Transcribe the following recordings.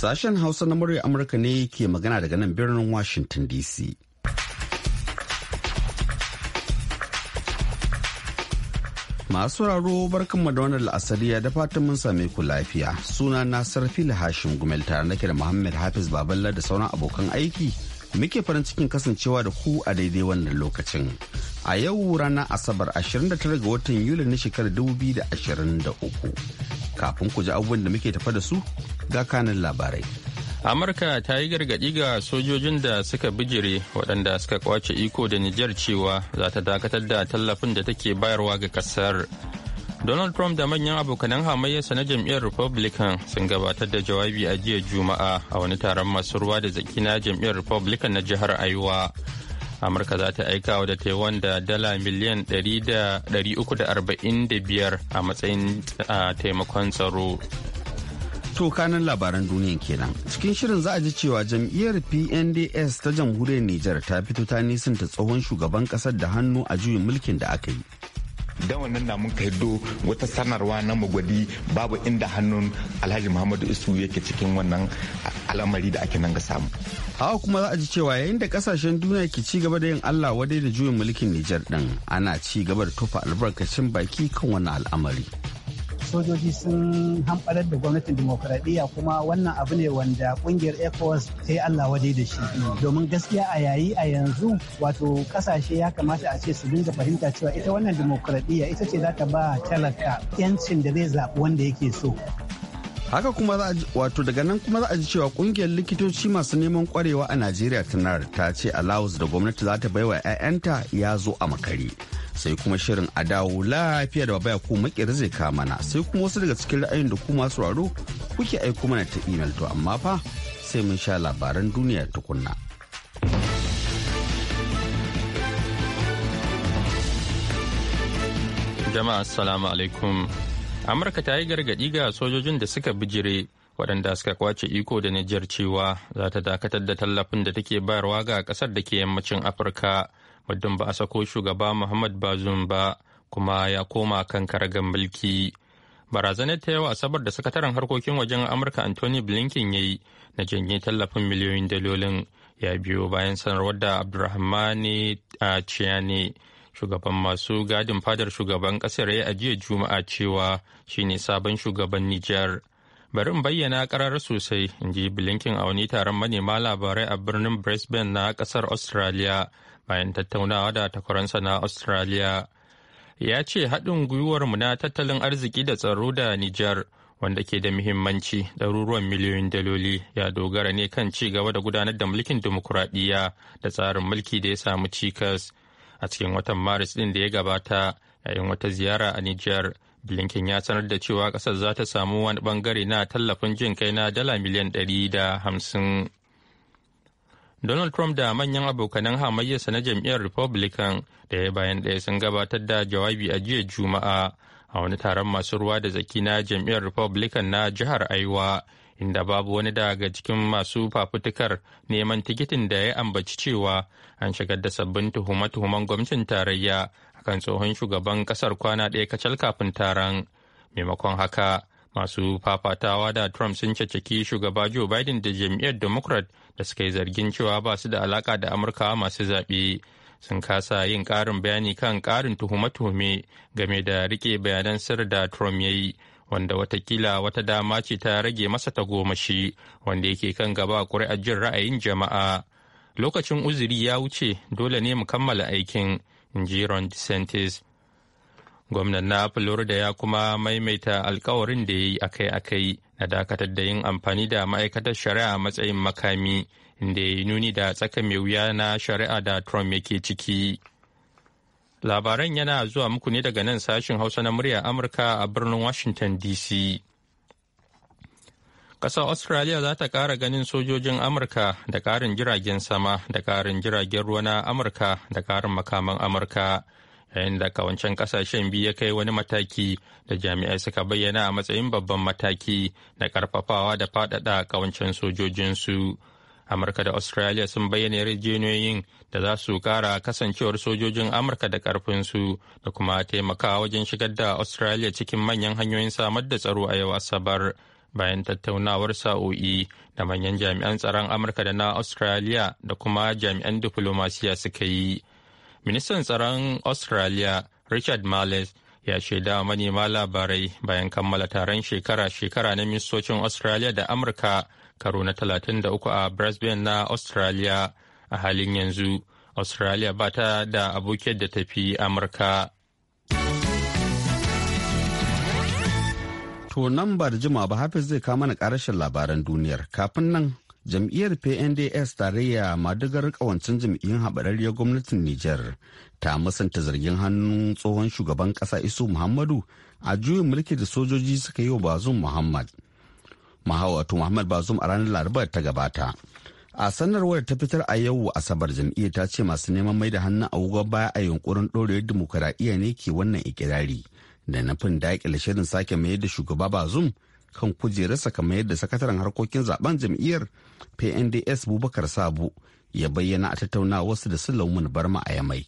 Sashen Hausa na murya Amurka ne ke magana daga nan birnin Washington DC. Masu raro barkanmu da wannan la'asariya da fatan mun same ku lafiya. Suna na Sarfila Hashim Gumel tare nake da Muhammad Hafiz Baballa da sauran abokan aiki. muke farin cikin kasancewa da ku a daidai wannan lokacin. A yau ranar Asabar 29 ga watan Yuli na shekarar 2023. Kafin ku ji abubuwan da muke tafa da su ga kanin labarai. Amurka ta yi gargaɗi ga sojojin da suka bijire waɗanda suka kwace iko da Nijar cewa za ta dakatar da tallafin da take bayarwa ga ƙasar. Donald Trump da manyan abokanan hamayyarsa na jam'iyyar Republican sun gabatar da jawabi a jiya Juma'a a wani taron masu ruwa da zaki na jam'iyyar Republican na jihar Iowa. Amurka za ta aika wa da Taiwan da dala miliyan 345 a matsayin taimakon tsaro. To labaran duniya kenan. Cikin shirin za a ji cewa jam'iyyar PNDS ta jamhuriyar Nijar ta fito ta nisan ta tsohon shugaban kasar da hannu a juyin mulkin da aka yi. da wannan na mun kaido wata sanarwa na magwadi babu inda hannun alhaji muhammadu isu yake cikin wannan al'amari da ake nan ga samu hawa kuma za a ji cewa yayin da kasashen duniya ke ci gaba da yin allah wadai da juyin mulkin nijar din ana ci gaba da tufa albarkacin baki kan wannan al'amari sojoji sun hamɓarar da gwamnatin demokuraɗiyya kuma wannan abu ne wanda ƙungiyar ecowas ta yi allah waje da shi domin gaskiya a yayi a yanzu wato ƙasashe ya kamata a ce su dinga fahimta cewa ita wannan demokuraɗiyya ita ce za ta ba talaka 'yancin da zai zaɓi wanda yake so haka kuma wato daga nan kuma za a ji cewa kungiyar likitoci masu neman kwarewa a najeriya tanar ta ce allowance da gwamnati za ta baiwa 'ya'yanta ya zo a makare sai kuma shirin a dawo lafiya da baya ko makera zai kama mana sai kuma wasu daga cikin ra'ayin da ku masu raro kuke aiko mana ta email to amma fa sai mun sha labaran duniya tukunna. jama'a assalamu alaikum amurka ta yi gargaɗi ga sojojin da suka bijire waɗanda suka kwace iko da nijar cewa za ta dakatar da tallafin da take bayarwa ga ƙasar da ke yammacin afirka muddin ba a sako shugaba muhammad bazum ba kuma ya koma kan karagan mulki barazanar ta yawa asabar da sakataren harkokin wajen amurka anthony blinken ya yi na janye tallafin miliyoyin dalolin ya biyo bayan sanarwar da ne a ciyane shugaban masu gadin fadar shugaban kasar ya ajiye juma'a cewa shine sabon shugaban nijar bari in bayyana karar sosai in ji blinken a wani taron manema labarai a birnin brisbane na kasar australia bayan tattaunawa da takwaransa na australia ya ce haɗin gwiwar mu na tattalin arziki da tsaro da nijar wanda ke da muhimmanci ɗaruruwan miliyoyin daloli ya dogara ne kan ci gaba da gudanar da mulkin dimokuraɗiyya da tsarin mulki da ya samu cikas a cikin watan maris ɗin da ya gabata yayin wata ziyara a nijar blinken ya sanar da cewa ƙasar za ta samu wani ɓangare na tallafin jin kai na dala miliyan ɗari da hamsin donald trump da manyan abokanan hamayyarsa na jam'iyyar republican ɗaya bayan ɗaya sun gabatar da jawabi a jiya juma'a a wani taron masu ruwa da zaki na jam'iyyar republican na jihar aiwa inda babu wani daga cikin masu fafutukar neman tikitin da ya ambaci cewa an shigar da sabbin tuhume-tuhumen gwamnatin tarayya a kan tsohon shugaban kasar kwana ɗaya kacal kafin taron maimakon haka masu fafatawa da trump sun caceki shugaba joe biden da jam'iyyar democrat da suka yi zargin cewa ba su da alaka da amurka masu zaɓe sun kasa yin ƙarin bayani kan ƙarin tuhume-tuhume game da riƙe bayanan sirri da trump ya yi wanda watakila wata dama ce ta rage masa tagomashi wanda yake kan gaba a jin ra'ayin jama'a lokacin uzuri ya wuce dole ne mu kammala aikin inji ron gwamnan na florida ya kuma maimaita alkawarin da ya yi akai-akai na dakatar da yin amfani da ma'aikatar shari'a matsayin makami inda ya yi nuni da tsaka mai wuya na shari'a da trump yake ciki Labaran yana zuwa muku ne daga nan sashin Hausa na murya Amurka a birnin Washington DC. Ƙasar Australia za ta ƙara ganin sojojin Amurka da ƙarin jiragen sama da ƙarin jiragen ruwa na Amurka da ƙarin makaman Amurka. Yayin da kawancen ƙasashen biyu ya kai wani mataki da jami'ai suka bayyana a matsayin babban mataki na ƙarfafawa da faɗaɗa kawancen sojojinsu. amurka da australia sun bayyana yarjejeniyoyin da za su kara kasancewar sojojin amurka da karfinsu da kuma taimakawa wajen shigar da australia cikin manyan hanyoyin samar da tsaro a yau asabar bayan tattaunawar sa'o'i da manyan jami'an tsaron amurka da na australia da kuma jami'an diflomasiya suka yi ministan tsaron australia richard malles ya shaida manema labarai bayan kammala taron shekara-shekara na ministocin australia da amurka karo na 33 a Brisbane na Australia a halin yanzu. Australia ba ta da abokiyar da tafi Amurka. To nan ba da jima ba Hafiz zai kama na karashin labaran duniyar. Kafin nan jam'iyyar PNDS tarayya madugar kawancin jam'iyyun haɓararriyar gwamnatin Nijar ta musanta zargin hannun tsohon shugaban ƙasa Isu Muhammadu a juyin mulki da sojoji suka yi wa bazun Muhammad. mahawatu muhammad bazum a ranar laraba ta gabata a sanarwar ta fitar a yau asabar jam'iyya ta ce masu neman mai da hannun agogon baya a yunkurin ɗorewar dimokuraɗiyya ne ke wannan ikirari da na nufin daƙile shirin sake mayar da shugaba bazum kan kujerarsa kamar da sakataren harkokin zaben jam'iyyar pnds bubakar sabu ya bayyana a wasu da launin barma a yamai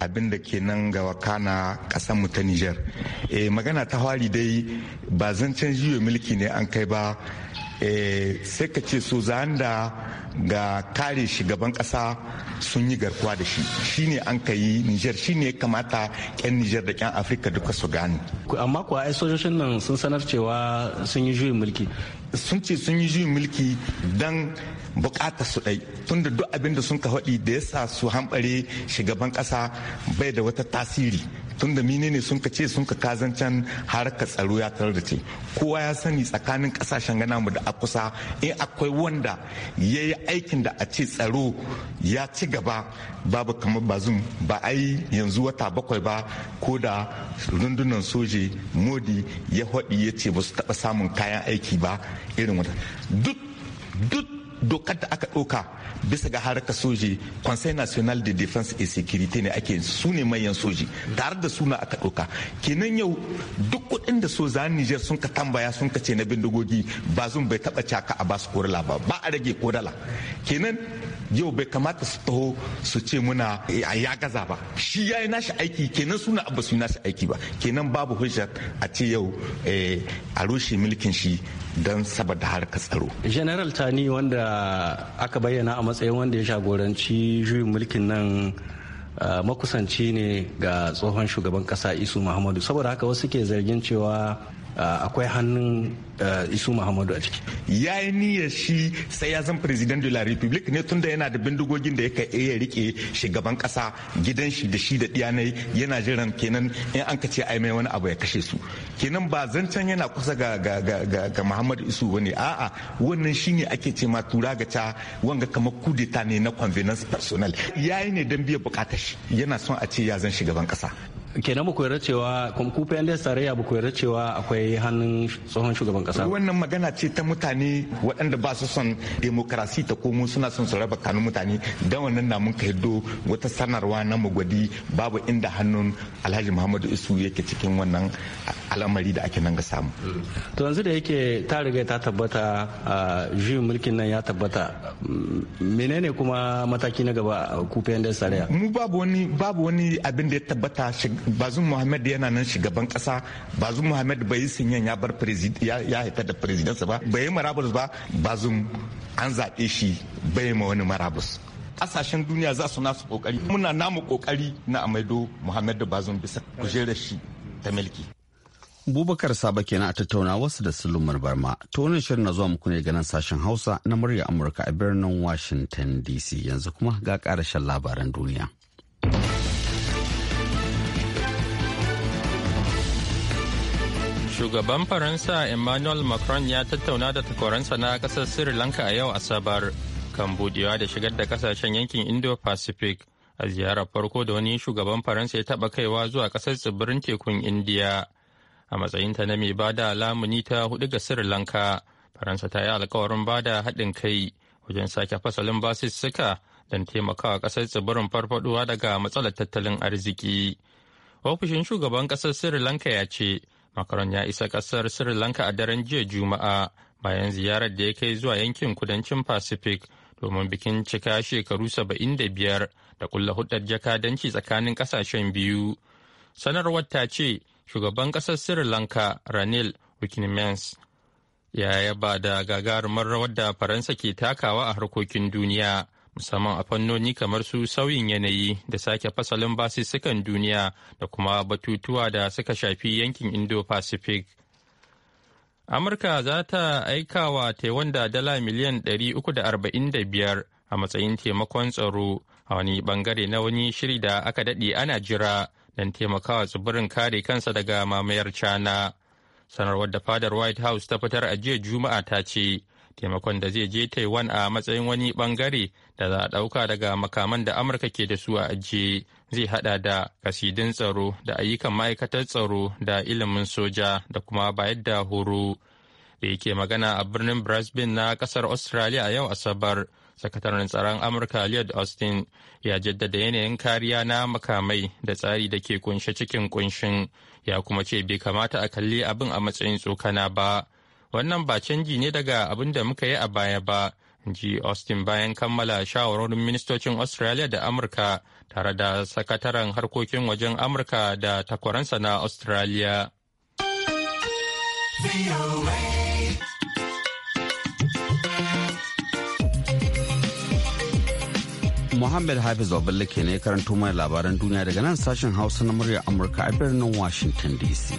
abin da ke nan ga wakana mu ta niger e, magana ta hwari dai ba zancen juyo mulki ne an kai ba e, sai ka ce su da ga kare shugaban kasa sun yi garkuwa da shi shi ne an ka yi niger ne kamata yan niger da yan afirka duka su gane amma kuwa ai sojojin nan sun sanar cewa sun yi juyin mulki sun ce sun yi juyin mulki don bukatar su ɗai tunda duk abin da sun ka faɗi da ya sa su hambare shugaban ƙasa bai da wata tasiri tunda mine ne sun ka ce sun ka kazancan harkar tsaro ya tarar da ce kowa ya sani tsakanin ƙasashen gana mu da akusa in akwai wanda ya yi aikin da a ce tsaro ya ci gaba babu kamar bazum ba a yi yanzu wata bakwai ba ko da rundunan soje modi ya haɗi ya ce ba su taɓa samun kayan aiki ba irin wata duk duk dokar da aka ɗauka bisa ga harkar soji conseil national de defense et sécurité ne ake su ne manyan soji tare da suna aka ɗauka kenan yau duk kuɗin da sojan niger sun ka tambaya sun ka ce na bindigogi ba zun bai taɓa caka a basu korala ba ba a rage korala kenan yau bai kamata su taho su ce muna a ya gaza ba shi ya yi nashi aiki kenan suna abu su yi nashi aiki ba kenan babu hujjar a ce yau eh, a rushe mulkin shi don saboda harkar tsaro general tani wanda aka bayyana a matsayin wanda ya shagoranci juyin mulkin nan makusanci ne ga tsohon shugaban kasa isu muhammadu saboda haka wasu ke zargin cewa Eh, akwai hannun eh, isu muhammadu a ciki ya yi niyya shi sai ya zama president de la republic ne tunda yana da bindigogin da yake iya rike shugaban kasa gidan shi da shi da diyanai yana jiran kenan in an ka ce ai mai wani abu ya kashe su kenan ba zancen yana kusa ga ga ga ga muhammadu isu bane a'a wannan shine ake ce ma tura ga ta wanga kamar kudeta ne na convenience personnel yayi ne dan biya bukatar shi yana son a ce ya zan shugaban kasa kenan ba ku yarda cewa ku PNDS tarayya ba ku cewa akwai hannun tsohon shugaban kasa wannan magana ce ta mutane waɗanda ba su son demokrasi ta komo suna son su raba kanun mutane dan wannan na mun kaido wata sanarwa na mugwadi babu inda hannun Alhaji Muhammadu Isu yake cikin wannan al'amari da ake nan ga samu to yanzu da yake ta riga ta tabbata juyin mulkin nan ya tabbata mm, menene kuma mataki na gaba kufen da saraya mu babu wani babu wani abin da ya tabbata bazum muhammad yana nan shugaban kasa bazum muhammad bai yi sinyan ya bar ya haifar da presidansa ba bai yi marabus ba bazum an zaɓe shi bai ma wani marabus Asashen duniya za su nasu kokari muna namu kokari na amaido muhammadu bazum bisa kujerar shi ta milki Bubakar Saba kenan a tattauna wasu da Sulumar Barma. To wannan shirin na zuwa muku ne ganin sashen Hausa na murya Amurka a birnin Washington DC yanzu kuma ga karashen labaran duniya. Shugaban Faransa Emmanuel Macron ya tattauna da takwaransa na kasar Sri Lanka a yau Asabar kan buɗewa da shigar da kasashen yankin Indo-Pacific a ziyarar farko da wani shugaban Faransa ya taɓa kaiwa zuwa kasar tsibirin tekun india. a matsayinta na mai bada lamuni ta hudu ga sri lanka faransa ta yi alkawarin bada haɗin kai wajen sake fasalin basussuka don taimakawa ƙasar tsibirin farfaduwa daga matsalar tattalin arziki ofishin shugaban ƙasar sri lanka ya ce makaron ya isa ƙasar sri lanka a daren jiya juma'a bayan ziyarar da ya kai zuwa yankin kudancin pacific domin bikin cika shekaru saba'in da biyar da kulla hudar jakadanci tsakanin ƙasashen biyu sanarwar ta ce shugaban ƙasar sri lanka ranil wikimens ya yaba da gagarumar rawar da faransa ke takawa a harkokin duniya musamman a fannoni kamar su sauyin yanayi da sake fasalin basussukan duniya da kuma batutuwa da suka shafi yankin indo-pacific amurka za ta aika wa taiwan da dala miliyan 345 a matsayin taimakon tsaro a wani bangare na wani shiri da aka daɗe ana jira don taimakawa tsibirin kare kansa daga mamayar cana Sanarwar da fadar White House ta fitar a jiya Juma'a ta ce, taimakon da zai je Taiwan a matsayin wani bangare da za a ɗauka daga makaman da Amurka ke da su a ajiye zai haɗa da kasidin tsaro da ayyukan ma'aikatar tsaro da ilimin soja da kuma bayar da horo. Da yake magana a birnin Brisbane na kasar Australia a yau Asabar, sakataren tsaron amurka lloyd austin ya jaddada yanayin kariya na makamai da tsari da ke kunshe cikin kunshin ya kuma ce bai kamata a kalli abin a matsayin tsokana ba wannan ba canji ne daga abin da muka yi a baya ba ji austin bayan kammala shawarorin ministocin australia da amurka tare da sakataren harkokin wajen amurka da takwaransa na australia. Muhammad Hafiz Baballe ke ne karanto mai labaran duniya daga nan sashen Hausa na murya Amurka a birnin Washington DC.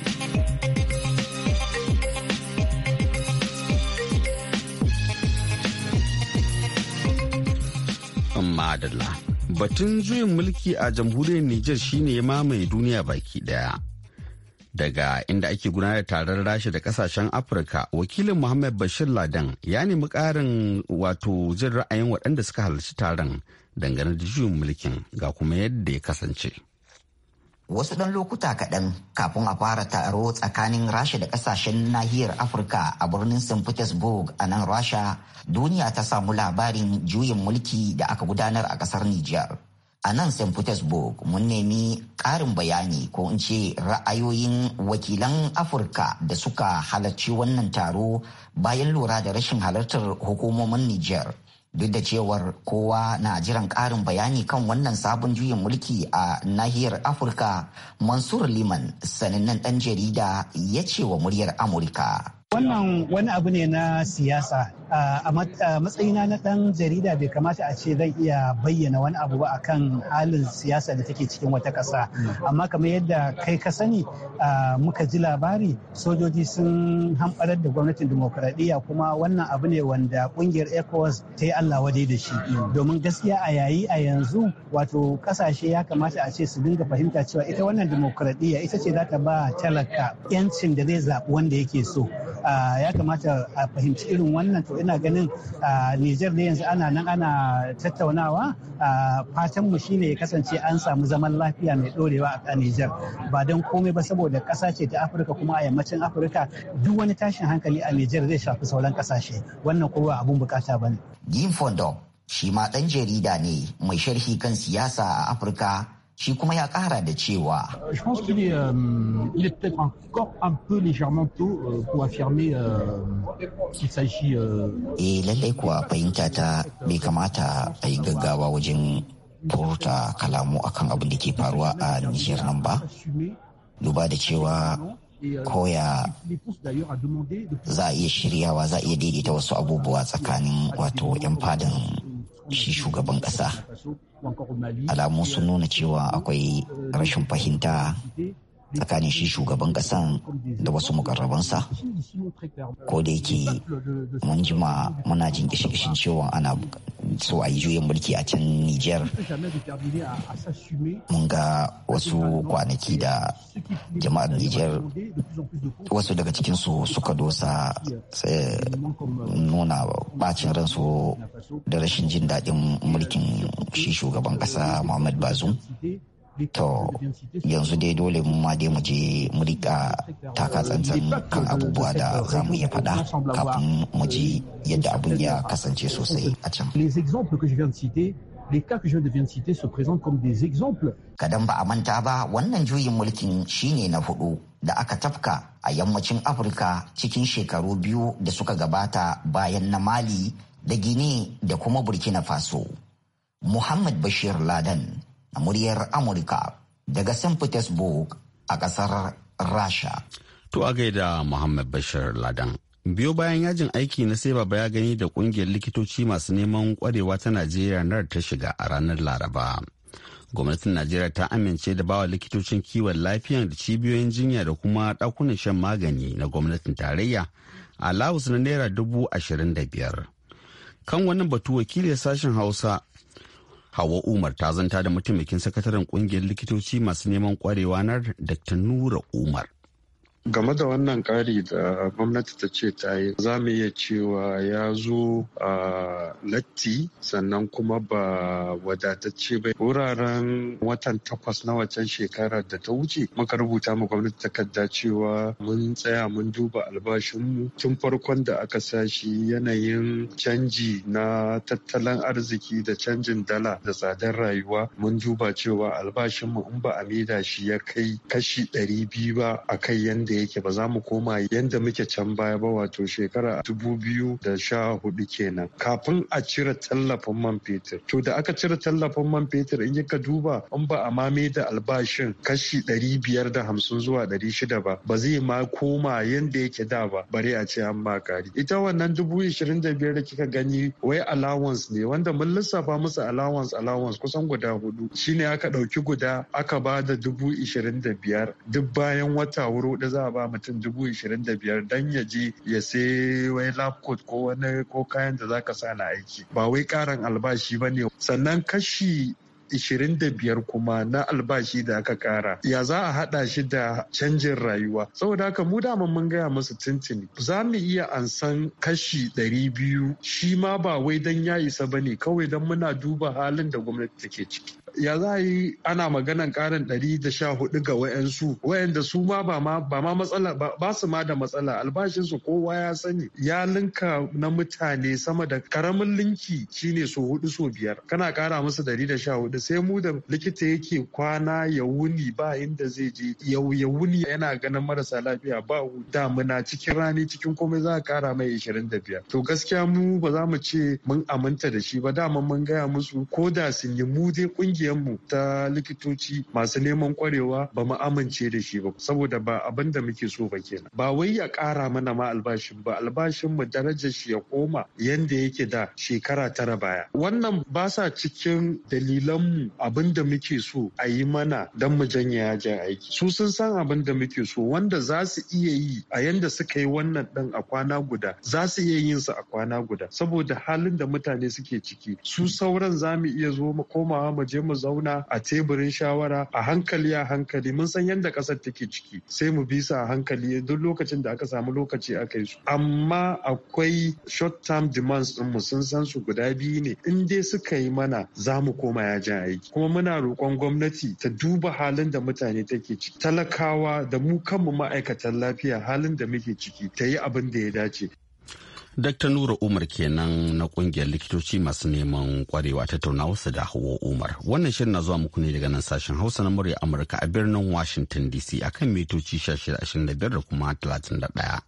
Madalla. Batun juyin mulki a jamhuriyar Nijar shine ya mamaye duniya baki daya. Daga inda ake gudanar da taron rashi da kasashen Afirka, wakilin Muhammad Bashir Ladan ya nemi ƙarin wato jin ra'ayin waɗanda suka halarci taron. dangane da juyin mulkin ga kuma yadda ya kasance. Wasu ɗan lokuta kaɗan kafin a fara taro tsakanin Rasha da ƙasashen nahiyar Afirka a birnin St. Petersburg a nan Rasha, duniya ta samu labarin juyin mulki da aka gudanar a ƙasar Nijar. a nan St. Petersburg mun nemi ƙarin bayani ko in ce ra'ayoyin wakilan Afirka da suka halarci wannan taro bayan lura da rashin halartar hukumomin Nijar. duk da cewar kowa na jiran ƙarin bayani kan wannan sabon juyin mulki a nahiyar afirka mansur liman sanannen ɗan jarida ya ce wa muryar amurka Wannan wani abu ne na siyasa. A matsayina na ɗan jarida bai kamata a ce zan iya bayyana wani abu ba akan halin siyasa da take cikin wata ƙasa. Amma kamar yadda kai ka sani muka ji labari sojoji sun hamɓarar da gwamnatin dimokuraɗiyya kuma wannan abu ne wanda ƙungiyar ECOWAS ta yi Allah wadai da shi. Domin gaskiya a yayi a yanzu wato ƙasashe ya kamata a ce su dinga fahimta cewa ita wannan dimokuraɗiyya ita ce za ta ba talaka 'yancin da zai zaɓi wanda yake so. Ah, ya kamata a fahimci irin wannan to ina ganin ah, Nijar ne yanzu ana nan ana tattaunawa ah, fatan mu shine ya kasance an samu zaman lafiya mai dorewa a Nijar ba don komai ba saboda kasa ce ta Afirka kuma a yammacin Afirka duk wani tashin hankali a Nijar zai shafi sauran ƙasashe wannan kowa abun bukata bane. Gifondo shi ma ɗan jarida ne mai sharhi kan siyasa a Afirka shi kuma ya kara da cewa e lallai kuwa fahimta ta bai kamata a yi gaggawa wajen furta kalamu akan abin da ke faruwa a Nijar nan ba duba da cewa koya za a iya shiryawa za a iya daidaita wasu abubuwa tsakanin wato 'yan fadin shi shugaban kasa. alamun sun nuna euh, cewa euh, akwai euh, rashin fahimta tsakanin shi shugaban kasan da wasu mukarrabansa ko da yake mun jima muna jin kishin cewa ana so a yi juyin mulki a can Nijar. Mun ga wasu kwanaki da jama'ar Nijar wasu daga cikinsu suka dosa eh, nuna bacin ransu da rashin jin daɗin mulkin shi shugaban ƙasa Muhammad Bazoum to yanzu dai dole mu ma dai mu je mu rika taka tsantsan kan abubuwa da za mu iya faɗa kafin mu ji yadda abun ya kasance sosai a can. Kadan ba a manta ba wannan juyin mulkin shine na hudu da aka tafka a yammacin Afirka cikin shekaru biyu da suka gabata bayan na Mali da Gini da kuma Burkina Faso. Muhammad Bashir ladan. muryar Amurka daga St. Petersburg a ƙasar Rasha. To a gaida Muhammad Bashir Ladan. Biyo bayan yajin aiki na sai baba ya gani da kungiyar likitoci masu neman kwarewa ta Najeriya na ta shiga a ranar Laraba. Gwamnatin Najeriya ta amince da bawa likitocin kiwon lafiya da cibiyoyin jinya da kuma ɗakunan shan magani na gwamnatin tarayya a lawus na Naira dubu ashirin da biyar. Kan wannan batu wakilin sashen Hausa Hawa Umar ta zanta da mataimakin sakataren kungiyar likitoci masu neman kwarewa na Dr. Nura Umar. game da wannan ƙari da gwamnati ta ce ta yi za mu iya cewa ya zo a latti sannan kuma ba wadatacce ba wuraren watan takwas na wacan shekarar da ta wuce muka rubuta mu gwamnati takarda cewa mun tsaya mun duba albashinmu tun farkon da aka sashi yanayin canji na tattalin arziki da canjin dala da tsadar rayuwa mun duba cewa albashinmu in ba a shi ya kai kashi ɗari biyu ba a kai yanda da yake ba za mu koma yanda muke can baya ba wato shekara dubu biyu da sha hudu kenan kafin a cire tallafin man fetur to da aka cire tallafin man fetur in ka duba in ba a mame da albashin kashi ɗari biyar da hamsin zuwa ɗari shida ba ba zai ma koma yanda yake da ba bare a ce an ma kari ita wannan dubu ishirin da biyar da kika gani wai allowance ne wanda mun lissafa musu allowance allowance kusan guda hudu shine aka ɗauki guda aka ba da dubu ishirin da biyar duk bayan wata wuro da za a ba mutum dubu ishirin da biyar dan ya je ya sai wai lab ko wani ko kayan da zaka sa na aiki ba wai karin albashi ba ne sannan kashi ishirin da biyar kuma na albashi da aka kara ya za a hada shi da canjin rayuwa saboda haka mu dama mun gaya musu tintini za mu iya ansan kashi ɗari biyu? shi ma ba wai don ya isa ba ne kawai don muna duba halin da gwamnati take ciki ya za yi ana maganan karin 114 ga wayansu wayanda su ma ba ma matsala ba su ma da matsala albashinsu kowa ya sani ya linka na mutane sama da karamin linki shine so hudu so biyar kana kara musu 114 sai mu da likita yake kwana ya wuni ba inda zai je yau ya wuni yana ganin marasa lafiya ba damuna cikin rani cikin komai za a kara mai 25 to gaskiya mu ba za mu ce mun aminta da shi ba dama mun gaya musu ko da sun yi mu dai mu ta likitoci masu neman kwarewa ba mu amince da shi ba saboda ba abin da muke so ba kenan ba wai ya kara mana ma albashin ba albashin mu darajar shi ya koma yanda yake da shekara tara baya wannan ba sa cikin dalilanmu abin da muke so a yi mana don mu janye yajin aiki su sun san abin da muke so wanda za su iya yi a yanda suka yi wannan din a kwana guda za su iya yin su a kwana guda saboda halin da mutane suke ciki su sauran za mu iya zo mu komawa mu je mu zauna a teburin shawara a hankali a hankali mun san yadda ƙasar take ciki sai mu bisa a hankali duk lokacin da aka samu lokaci aka yi su amma akwai short term demands din mu sun san su guda biyu ne in dai suka yi mana za mu koma yajin aiki kuma muna roƙon gwamnati ta duba halin da mutane take ciki talakawa da mu kanmu ma'aikatan lafiya halin da muke ciki ta yi abin da ya dace Dr. Nura Umar kenan na kungiyar likitoci masu neman kwarewa ta tattaunawarsa da hawa Umar. Wannan shirin na zuwa muku ne daga nan sashen Hausa na murya Amurka a birnin Washington DC akan mitoci 1625 da kuma 31.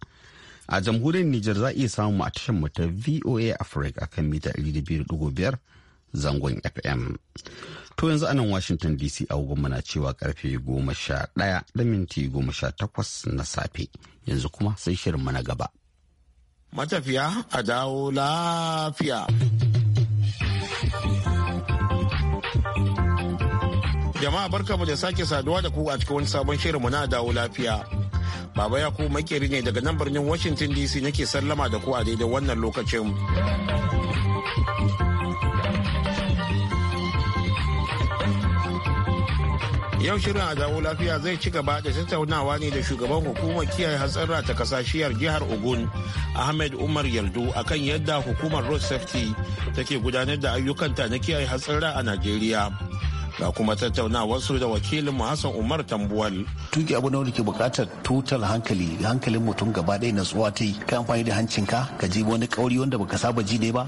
A jamhuriyar Nijar za a iya samu a tashar mu ta VOA Africa akan mita 200.5 zangon FM. To yanzu a nan Washington DC agogon mana cewa karfe 11 da minti 18 na safe. Yanzu kuma sai shirin mana gaba. matafiya a dawo lafiya. Jama'a barkamu da sake saduwa da ku a cikin wani sabon shirinmu na dawo lafiya. Baba Yakubu makeri ne daga nan birnin Washington DC nake sallama da ku a daidai wannan lokacin. Yau shirin a dawo lafiya zai ci gaba da tattaunawa ne da shugaban hukumar kiyaye hatsarra ta kasashiyar jihar Ogun, Ahmed Umar yaldu akan yadda hukumar Road Safety take gudanar da ayyukanta na kiyaye hatsarra a Najeriya. ga kuma tattaunawarsu da wakilin mu Hassan Umar Tambuwal. Tuki abu nawa ke bukatar tutar hankali hankalin mutum gaba ɗaya na tsuwa ta yi ka amfani da hancinka ka ji wani kauri wanda baka saba ji ne ba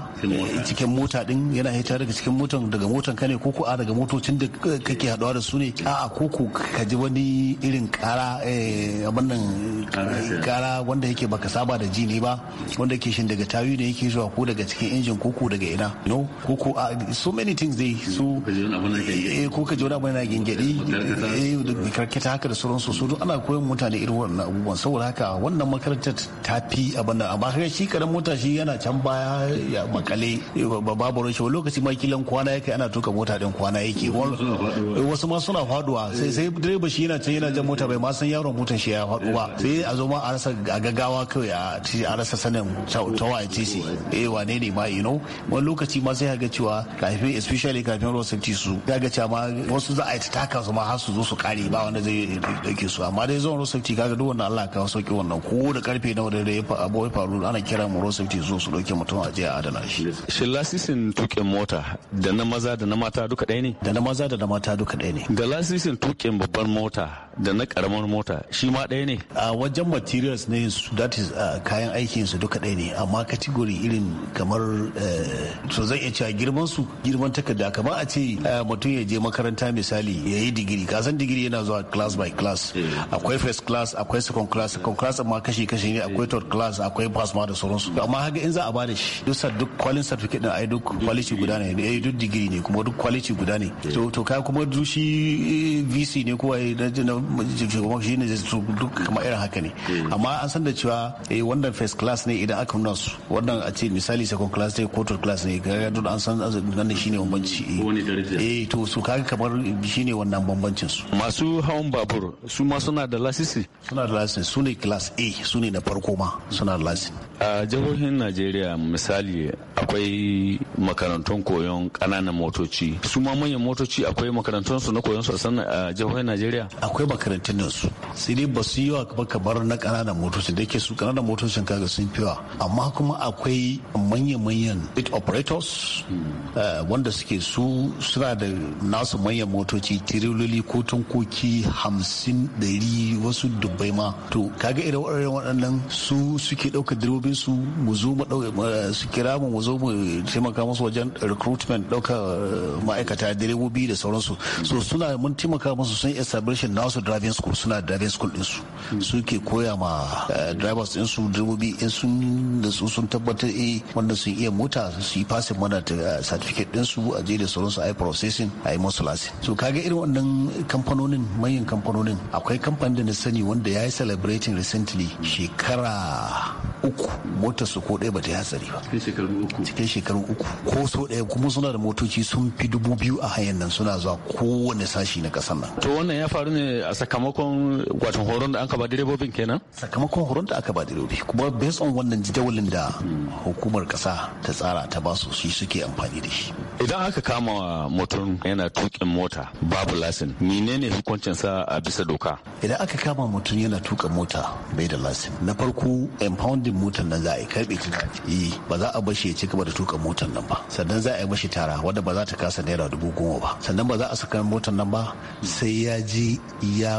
cikin mota din yana hita daga cikin motan daga motan ka ne ko a daga motocin da kake haɗuwa da su ne a'a ko ko ka ji wani irin kara eh, abin nan kara wanda yake baka saba da ji ne ba wanda ke shin daga tayu ne yake zuwa ko daga cikin injin ko ko daga ina no ko ko so many things dai su eh ko ka jona mai na gingedi eh karkata haka da sauransu su duk ana koyon mutane irin wannan abubuwan saboda haka wannan makarantar ta fi abin da amma kaga shi karan mota shi yana can baya ya makale babu rashi wani lokaci ma kilan kwana yake ana tuka mota din kwana yake wasu ma suna faduwa sai sai direba shi yana can yana jan mota bai ma san yaron motar shi ya faɗu ba sai a zo ma a rasa a gaggawa kawai a rasa sanin tawa a tisi eh wane ne ma you know wani lokaci ma sai ga cewa kafin especially kafin ruwan sun ci su ga cewa ma wasu za a yi taka su ma har su zo su kare ba wanda zai dauke su amma dai zuwan rosafti kaga duk wannan Allah kawo sauki wannan ko da karfe na da ya abu ya faru ana kira mu rosafti zo su dauke mutum a je a adana shi shin lasisin tukin mota da na maza da na mata duka ɗaya ne da na maza da na mata duka ɗaya ne da lasisin tukin babbar mota da na karamar mota shi ma ɗaya ne a wajen materials ne su that is kayan aikin su duka ɗaya ne amma kategori irin kamar eh, so zan iya cewa girman su girman takarda kamar a ce eh, mutum ya je je makaranta misali ya yi digiri ka san digiri yana zuwa class by class eh. akwai first class akwai second class second class amma kashi kashi ne akwai third class akwai pass ma da sauransu amma haka in za a bada shi duk duk kwalin certificate din ai duk quality guda ne ai eh, duk digiri ne kuma duk quality guda ne eh. to to kai kuma duk shi VC ne ko ai na kuma shi ne duk kuma irin haka ne amma an san da cewa eh wannan first class ne idan aka nuna su wannan a ce misali second class ne ko third class ne ga duk an san wannan shine bambanci eh to su kaga kamar shine wannan bambancin su masu hawan babur su ma suna da lasisi suna da lasisi su ne class A su ne na farko ma suna da lasisi a jihohin najeriya misali akwai makarantun koyon ƙananan motoci su ma manyan motoci akwai makarantun su na koyon su a jihohin najeriya akwai makarantun nan su sai dai ba su yi wa kamar na ƙananan motoci da ke su ƙananan motocin kaga sun fiwa amma kuma akwai manya-manyan it operators hmm. eh, wanda suke su suna da nasu manyan motoci tiriloli ko tunkoki hamsin dari wasu dubbai ma to kaga irin waɗannan su suke ɗaukar direbobi ɗalibin su mu zo mu su kira mu mu zo mu taimaka musu wajen recruitment ɗauka eh, ma'aikata direbobi da sauransu so suna mun taimaka musu sun establishing nasu driving school suna driving school din su ke koya ma eh, drivers din su direbobi in sun da su sun tabbatar eh wanda sun iya mota su yi passing mana eh, certificate din su a je da sauransu a yi processing a yi musu lasin so kaga irin wannan kamfanonin manyan kamfanonin akwai kamfanin da na sani wanda ya yi celebrating recently shekara uku motar su ko ɗaya bata yi hatsari ba cikin shekaru uku ko so ɗaya kuma suna da motoci sun fi dubu biyu a hanyar nan suna zuwa kowane sashi na ƙasar nan to wannan ya faru ne a sakamakon watan horon da aka ba direbobin kenan sakamakon horon da aka ba direbobi kuma based on wannan jadawalin da hukumar ƙasa ta tsara ta ba su shi suke amfani da shi idan aka kama motar yana tukin mota babu lasin menene sa a bisa doka idan aka kama mutum yana tuka mota bai da lasin na farko impounding motar nan za a yi karbe ta yi eh, ba za a bashi ya ci gaba da tuka motar nan ba sannan za a yi mashi tara wanda ba za ta kasa naira dubu goma ba sannan ba za a saka motar nan ba sai ya ji ya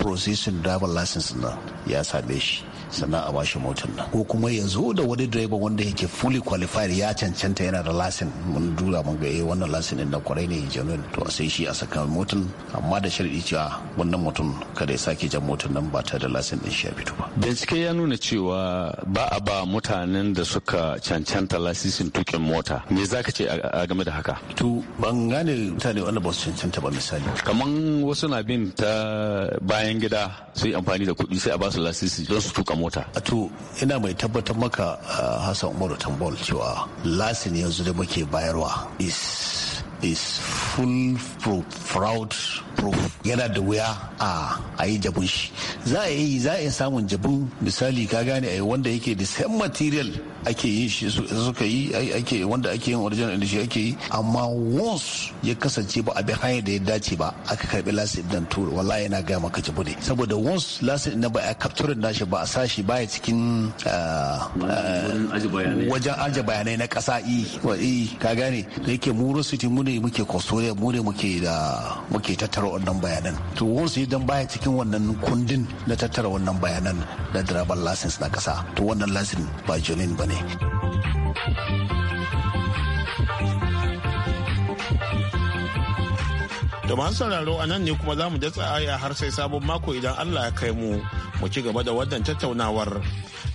processing driver license nan ya same shi sannan a bashi motar nan ko kuma ya da wani direba wanda yake fully qualified ya cancanta yana da lasin mun dura mun ga eh wannan lasin din kwarai ne genuine to sai shi a saka motar amma da sharidi cewa wannan mutum kada ya sake jan motar nan ba tare da lasin din shi ya fito ba bincike ya nuna cewa ba a ba mutanen da suka cancanta lasisin tukin mota me zaka ce a game da haka to ban gane mutane wanda ba su cancanta ba misali kaman wasu na bin ta bayan gida Sai amfani da kuɗi sai a ba su lasisi don su tuka mota to ina mai tabbatar maka uh, hassan umaru tambol cewa lasin yanzu da muke bayarwa is is full fraud proof yana da wuya a yi jabun shi za a yi za a yi samun jabun misali ka gane a wanda yake da same material ake yin shi suka yi ake wanda ake yin original da shi ake yi amma once ya kasance ba abin hanyar da ya dace ba aka karbi lasin dan tour wallahi yana gaya maka jabu ne saboda once lasin na ba a capture nashi ba a sashi baya cikin ah, ah, wajen aje bayanai na kasa i ka gane da yake mu rusiti mu ne muke custodian mu ne muke da muke tattaro. wannan bayanan to wansu idan baya cikin wannan kundin na tattara wannan bayanan da driver license na kasa to wannan license ba jolin ba ne da masu sauraro a nan ne kuma za mu datsa aya har sai sabon mako idan allah ya kai mu mu ci gaba da wannan tattaunawar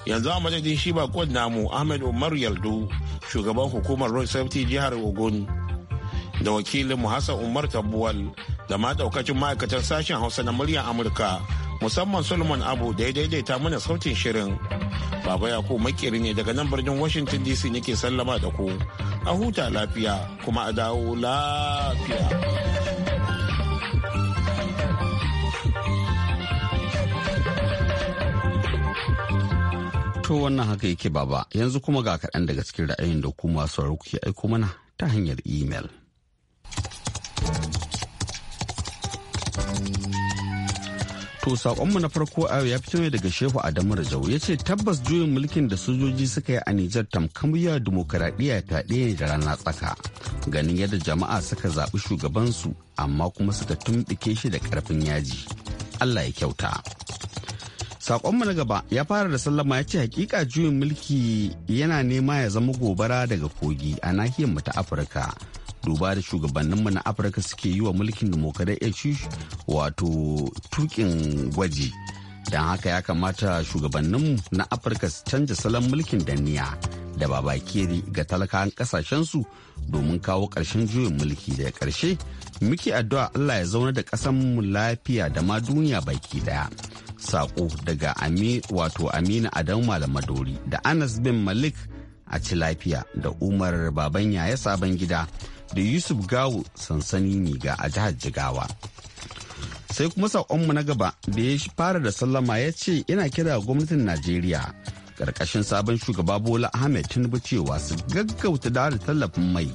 yanzu a madadin shi bakon namu ahmed umar yaldu shugaban hukumar road safety jihar ogun da wakilin mu Hassan Umar Tabuwal da ma daukacin ma'aikatar sashen Hausa na muryar Amurka musamman Solomon Abu da ya daidaita mana sautin shirin. Baba yako makeri ne daga nan birnin Washington DC nake sallama da ku. A huta lafiya kuma a dawo lafiya. to wannan haka yake baba yanzu kuma ga kaɗan daga cikin ra'ayin da kuma sauraro kuke aiko mana ta hanyar imel. To saƙonmu na farko a ya fito ne daga Shehu Adamu Rajau ya ce tabbas juyin mulkin da sojoji suka yi a Nijar tamkamiya dimokuraɗiyya fyaɗe ne da rana tsaka. Ganin yadda jama'a suka zaɓi shugabansu amma kuma suka tumɓuke shi da ƙarfin yaji. Allah ya kyauta. Saƙonmu na gaba ya fara da sallama ya ce hakika juyin mulki yana nema ya zama gobara daga kogi a nahiyar mu ta Afirka. duba da shugabanninmu na afirka suke yi wa mulkin demokaradiyyar wato tukin gwaji don haka ya kamata shugabanninmu na afirka su canza salon mulkin danniya da babakeri ga talakawan kasashensu domin kawo ƙarshen juyin mulki daga ƙarshe muke addu'a allah ya zauna da ƙasanmu lafiya da ma duniya baki daya sako daga wato amina adamu malamadori da anas bin malik a ci lafiya da umar baban yaya sabon gida da yusuf gawo sansani niga a jihar jigawa sai kuma saƙonmu na gaba da ya fara da sallama ya ce ina kira gwamnatin najeriya ƙarƙashin sabon shugaba bola ahmed tinubu cewa su gaggauta da tallafin mai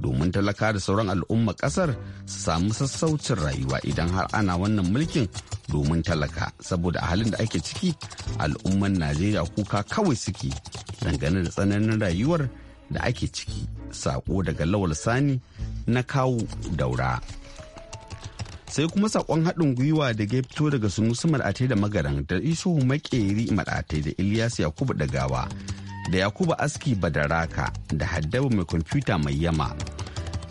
domin talaka da sauran al'umma ƙasar su samu sassaucin rayuwa idan har ana wannan mulkin domin talaka saboda a halin da ake ciki al'umman najeriya kuka kawai suke dangane da tsananin rayuwar da ake ciki sako daga lawal sani na kawu daura sai kuma sakon haɗin gwiwa da ya fito daga sunusu maɗatai da magaran da isu makeri maɗatai da ilyas yakubu dagawa da yakubu aski badaraka da haddaba mai kwamfuta mai yama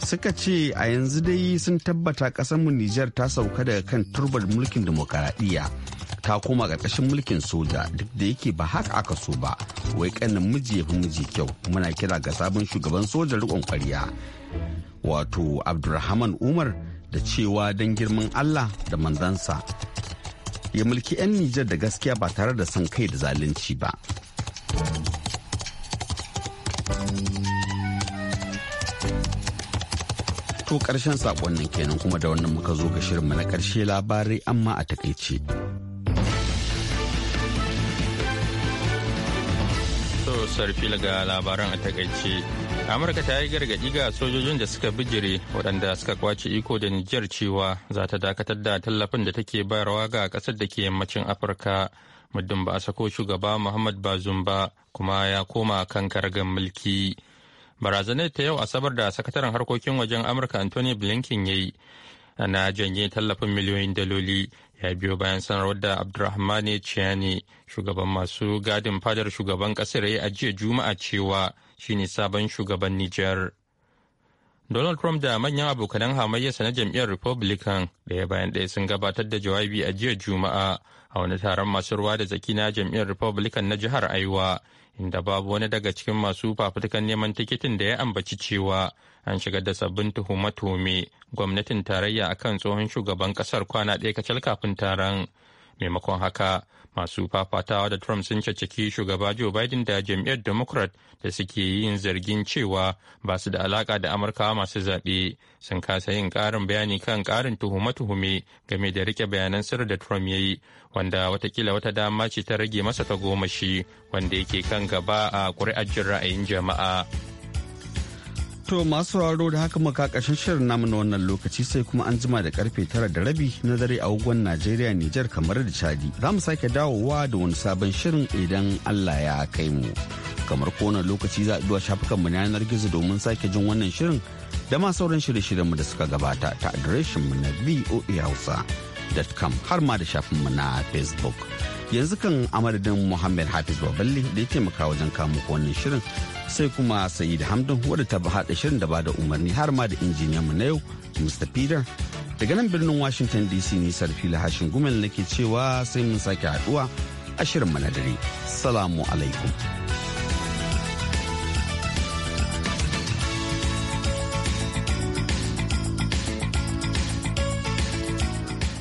suka ce a yanzu dai sun tabbata ƙasarmu nijar ta sauka daga kan turbar mulkin dimokuraɗiyya ta koma ƙarƙashin mulkin soja duk da yake ba haka aka so ba wai kanin miji ya fi miji kyau muna kira ga sabon shugaban sojan riƙon ƙwarya wato abdulrahman umar da cewa don girman allah da manzansa ya mulki 'yan nijar da gaskiya ba tare da son kai da zalunci ba to ƙarshen saƙon nan kenan kuma da wannan muka zo ga shirinmu na ƙarshe labarai amma a takaice. fila ga labaran a takaice amurka ta yi gargaɗi ga sojojin da suka bijire waɗanda suka kwace iko da nijar cewa za ta dakatar da tallafin da take bayarwa ga ƙasar da ke yammacin afirka muddin ba a sako shugaba muhammad bazum ba kuma ya koma kan kargan mulki barazanar ta yau asabar da sakataren harkokin wajen amurka anthony blinken ya yi na janye tallafin miliyoyin daloli ya biyo bayan sanarwar da abdulrahmane ciyani shugaban masu gadin fadar shugaban kasar ya ajiye juma'a cewa shine sabon shugaban nijar donald trump da manyan abokanan hamayyarsa na jam'iyyar republican ɗaya bayan ɗaya sun gabatar da jawabi a jiya juma'a a wani taron masu ruwa da zaki na jam'iyyar republican na jihar aiwa inda babu wani daga cikin masu fafutukan neman tikitin da ya ambaci cewa an shigar da sabbin tuhume-tuhume gwamnatin tarayya akan tsohon shugaban kasar kwana ɗaya kacal kafin taron maimakon haka masu fafatawa da trump sun caccaki shugaba joe biden da jam'iyyar democrat da suke yin zargin cewa ba su da alaka da amurka masu zaɓe sun kasa yin ƙarin bayani kan ƙarin tuhume-tuhume game da rike bayanan sirri da trump ya yi wanda watakila wata dama ce ta rage masa tagomashi wanda yake kan gaba a ƙuri'ar ra'ayin jama'a To masu sauraro da haka muka kashin shirin namu na wannan lokaci sai kuma an jima da karfe tara da rabi na dare a ugon Najeriya Nijar kamar da Chadi. Za mu sake dawowa da wani sabon shirin idan Allah ya kai mu. Kamar kowane lokaci za a duwa shafukan mu na yanar gizo domin sake jin wannan shirin da ma sauran shirye-shiryen mu da suka gabata ta adireshin mu na voahausa.com har ma da shafin mu na Facebook. yanzu kan amadadin muhammad hafiz baballe da ya taimaka wajen kamo wannan shirin sai kuma sayid hamdan wadda ta haɗa shirin da bada umarni har ma da injiniyan mu na yau mr peter daga nan birnin washington dc ni sarfila hashin gumel nake cewa sai mun sake haɗuwa a shirin mu na dare salamu alaikum